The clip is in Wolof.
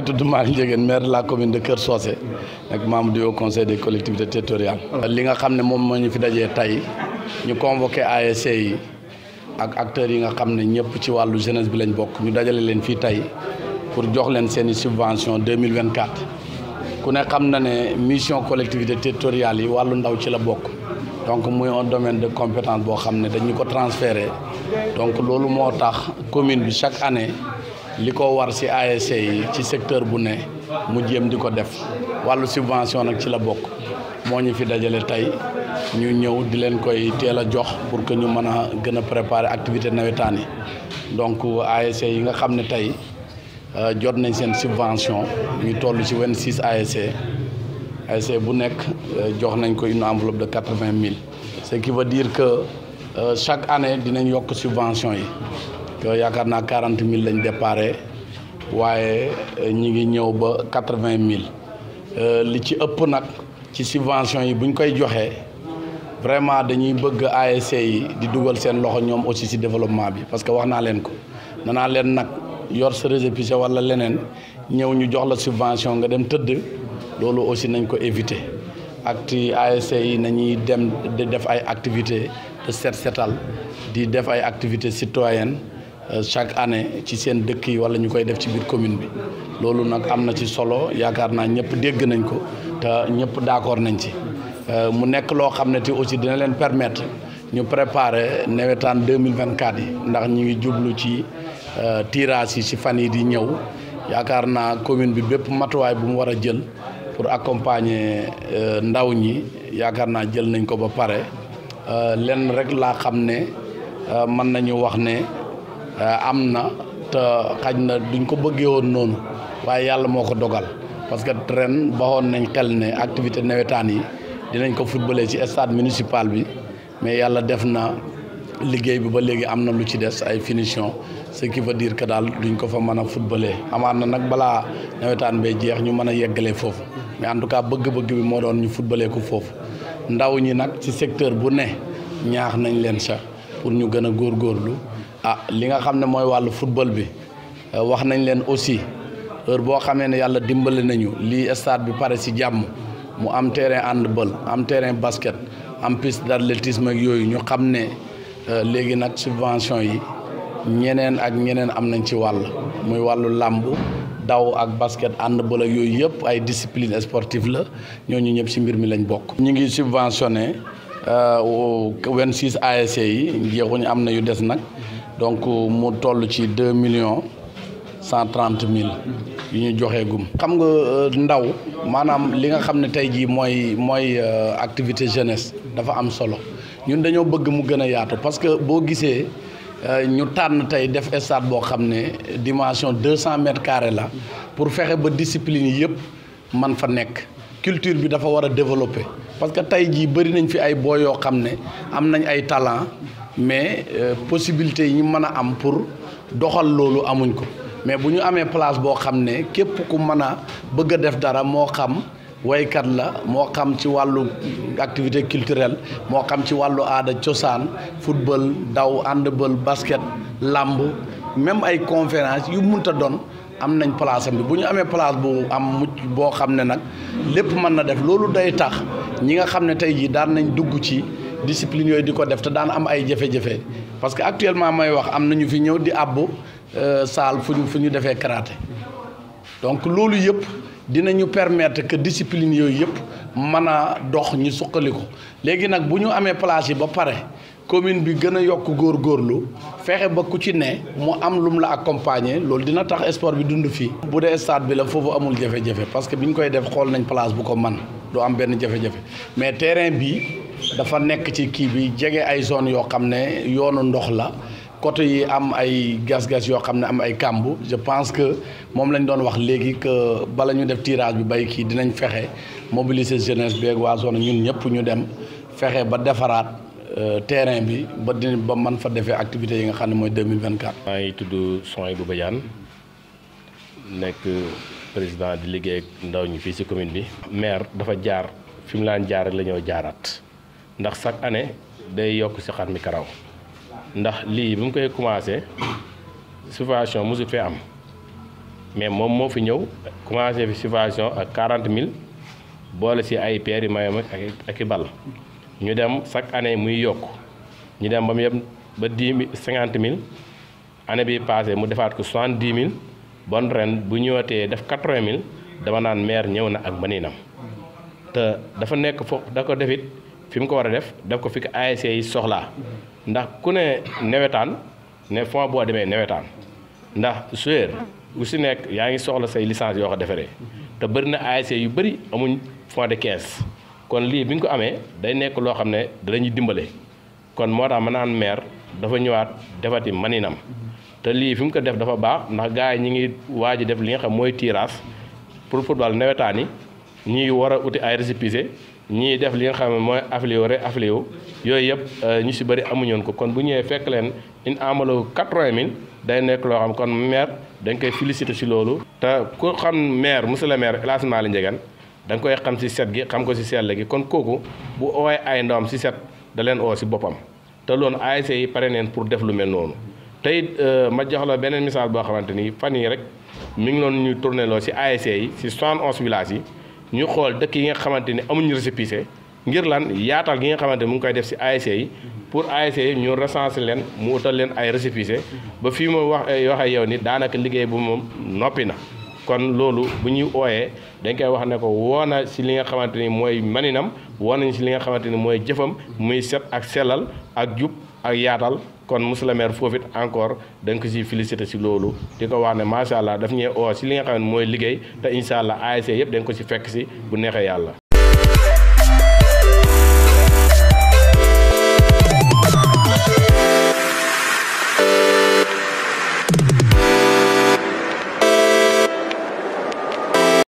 ngi tudd Malick maire de la commune de Kër membre du conseil des collectivités territoriales. li nga xam ne moom moo ñu fi dajee tey ñu convoqué ASC yi ak acteurs yi nga xam ne ñëpp ci wàllu jeunesse bi lañ bokk ñu dajale leen pour jox leen seen subvention 2024. ku ne xam na mission collectivité territoriale yi wàllu ndaw ci la bokk donc muy un domaine de compétence boo xam ne dañu ko transféré donc loolu moo commune bi chaque année li ko war ci ASC yi ci secteur bu ne mu jëm diko def walu subvention nak ci la bok moo ñu fi dajale tay ñu ñëw di leen koy téla jox pour que ñu mëna gëna préparer activité nawetaan donc ASC yi nga xamné tay euh, jot nañ seen subvention ñu tollu ci 26 ASC ASC bu nekk euh, jox nañ ko une enveloppe de 80000 000 ce qui veut dire que euh, chaque année dinañ yok subvention yi yaakaar naa quarante lañ déparé waaye euh, ñi ngi ñëw ba 80 000. Euh, li ci ëpp nag ci subvention yi buñ koy joxee vraiment dañuy bëgg ASC yi di dugal seen loxo ñoom aussi ci développement bi parce que wax naa leen ko nanaa leen nag yor sa récépissé wala leneen ñëw ñu jox la subvention nga dem tëdd loolu aussi nañ ko éviter acti ASC yi nañuy dem di def ay activités de set setal di def ay activités citoyennes Euh, chaque année ci seen dëkk yi wala ñu koy def ci biir commune bi loolu nag am ci solo yaakaar naa ñëpp dégg nañ ko ta ñëpp d'accord nañ ci euh, mu nekk loo xam ne aussi dina leen permettre ñu préparer nawetaan 2024 yi ndax ñu ngi jublu ci euh, tirage ci fan yi di nyau, yaakaar naa commune bi bépp matuwaay bu mu akompanye a jël pour accompagner ndaw ñi yaakaar naa jël nañ ko ba pare len rek laa xam ne nañu wax ne Euh, am na te xaj na duñ ko bëggee woon noonu waaye yàlla moo ko dogal parce que ren baxoon nañ xel ne activité nawetaan yi dinañ ko footballé ci stade municipal bi mais yàlla def na liggéey bi ba léegi am na lu ci des ay finition ce qui veut diir que daal duñ ko fa mën a footballé amaan na nag balaa nawetaan bee jeex ñu mën a yeggalee foofu mais en tout cas bëgg-bëgg bi moo doon ñu futbaleeku foofu ndaw ñi nag ci secteur bu ne ñaax nañ leen sax pour ñu gën a góorgóorlu ah li nga xam ne mooy wàllu football bi eh, wax nañ leen aussi heure boo xamee ne yàlla dimbali nañu lii stade bi pare si jàmm mu am terrain handball am terrain basket am piste d'athlétisme ak yooyu ñu xam ne eh, léegi nag subvention yi ñeneen ak ñeneen am nañ ci wàll muy wàllu làmb daw ak basket handball ak yooyu yëpp ay discipline sportive la ñooñu ñëpp si mbir mi lañ bokk. ñu ngi subventionné 26 eh, ASC yi jeexuñu am na yu des nag. donc euh, mu toll ci deux millions cent trente mille yu ñu joxee gum xam nga euh, ndaw maanaam li nga xam ne tey jii mooy mooy euh, activité jeunesse dafa am solo ñun dañoo bëgg mu gën a yaatu parce que boo gisee ñu tànn tey def stade boo xam ne dimension deux cent mètres carrés la pour fexe ba disipline yi yëpp man fa nekk culture bi dafa war a développer parce que tey jii bëri nañ fi ay boo yoo xam ne am nañ ay talent mais euh, possibilité yi ñu mën a am pour doxal loolu amuñ ko mais bu ñu amee place boo xam ne képp ku mën a bëgg a def dara moo xam waykat la moo xam ci wàllu activité culturelle moo xam ci wàllu aada cosaan football daw handball basket làmb même ay conférence yu munta doon am nañ place bi bu ñu amee place bu am mucc boo xam ne nag lépp mën na def loolu day tax ñi nga xam ne tey jii daan nañ dugg ci discipline yooyu di ko def te daan am ay jafe-jafe parce que actuellement may wax am na ñu fi ñëw di abbu euh, saal fu ñu fu ñu defee karaté donc loolu yëpp dinañu permettre que discipline yooyu yëpp mën a dox ñu suqali ko léegi nag bu ñu amee place yi ba pare commune bi gën a yokk góorgóorlu fexe ba ku ci ne mu am lum la accompagner loolu dina tax sport bi dund fii. bu dee stade bi la foofu amul jafe-jafe parce que biñ koy def xool nañ place bu ko man du am benn jafe-jafe mais terrain bi. dafa nekk ci kii bi jege ay zone yoo xam ne yoonu ndox la côté yi am ay gas-gas yoo xam ne am ay kàmb je pense que moom lañ doon wax léegi que bala ñu def tirage bi bay kii dinañ fexe mobiliser jeunesse beeg waa zone ñun ñëpp ñu dem fexe ba defaraat euh, terrain bi ba dina ba man fa defee activité yi nga xam ne mooy 2024. maa ngi tudd Souhaïbou Badiane nekk président di liggéey ak ndaw ñi fii si commune bi. maire dafa jaar fi mu laan jaar la ñoo jaaraat. ndax chaque année day yokk si xar mi karaw ndax lii bi mu koy commencé subvention mosu fee am mais moom moo fi ñëw commencé fi subvention ak quarante 000 boole si ay peer yi mayam ak ak i ball ñu dem chaque année muy yokk ñu dem ba mu yem ba 10 50 000 année bi passé mu defaat ko 70 000 bon ren bu ñëwatee def 80 000 dama naan maire ñëw na ak mbaninam te dafa nekk foofu da ko defit fi mu ko war a def def ko fi ko ASC yi soxlaa ndax ku ne nawetaan ne fond boo demee nawetaan ndax suyeer bu si nekk yaa ngi soxla say licence yoo ko defaree te bëri na ASC yu bëri amuñ fond de caisse kon lii bi ñu ko amee day nekk loo xam ne danañuy dimbale kon moo tax ma naan maire dafa ñëwaat defati nam te lii fi mu ko def dafa baax ndax gars yi ñi ngi waaj def li nga xam mooy tirage pour football newetaan yi ñi war a uti ay récépissé ñii def li nga xam ne mooy affilié wu rek affilié wu yooyu yëpp euh, ñu si ko kon bu ñëwee fekk leen une amalo quatre day nekk loo xam kon maire dañ koy félicité si loolu te ku xam maire monsieur le maire El Hadj Malick Ndiéguène da nga koy xam si set gi xam ko si sell gi kon koku bu ooy ay ndawam si set da leen oo si boppam te loolu ASC yi pare nen pour def lu mel noonu te euh, ma jox la beneen misaal boo xamante yi rek mi ngi loon ñu tourné loo si ASC yi si soixante villages yi ñu xool dëkk yi nga xamante ni amuñu récépissé ngir lan yaatal gi nga xamante mu ngi koy def si ASC yi pour ASC yi ñu recensé leen mu utal leen ay récépissé ba fii ma wax eh, wax ak yow ni daanaka liggéey bu moom noppi na kon loolu bu ñuy ooyee dañ koy wax ne ko woona si li nga xamante ni mooy maninam woo nañ si li nga xamante ni mooy jëfam muy set ak selal ak jub ak yaatal kon monsieur le maire foofu it encore da nga ko siy félicité si loolu di ko wax ne macha allah def ñuy oo si li nga xam ne mooy liggéey te incha allah ASC yëpp da ko si fekk si bu neexee yàlla.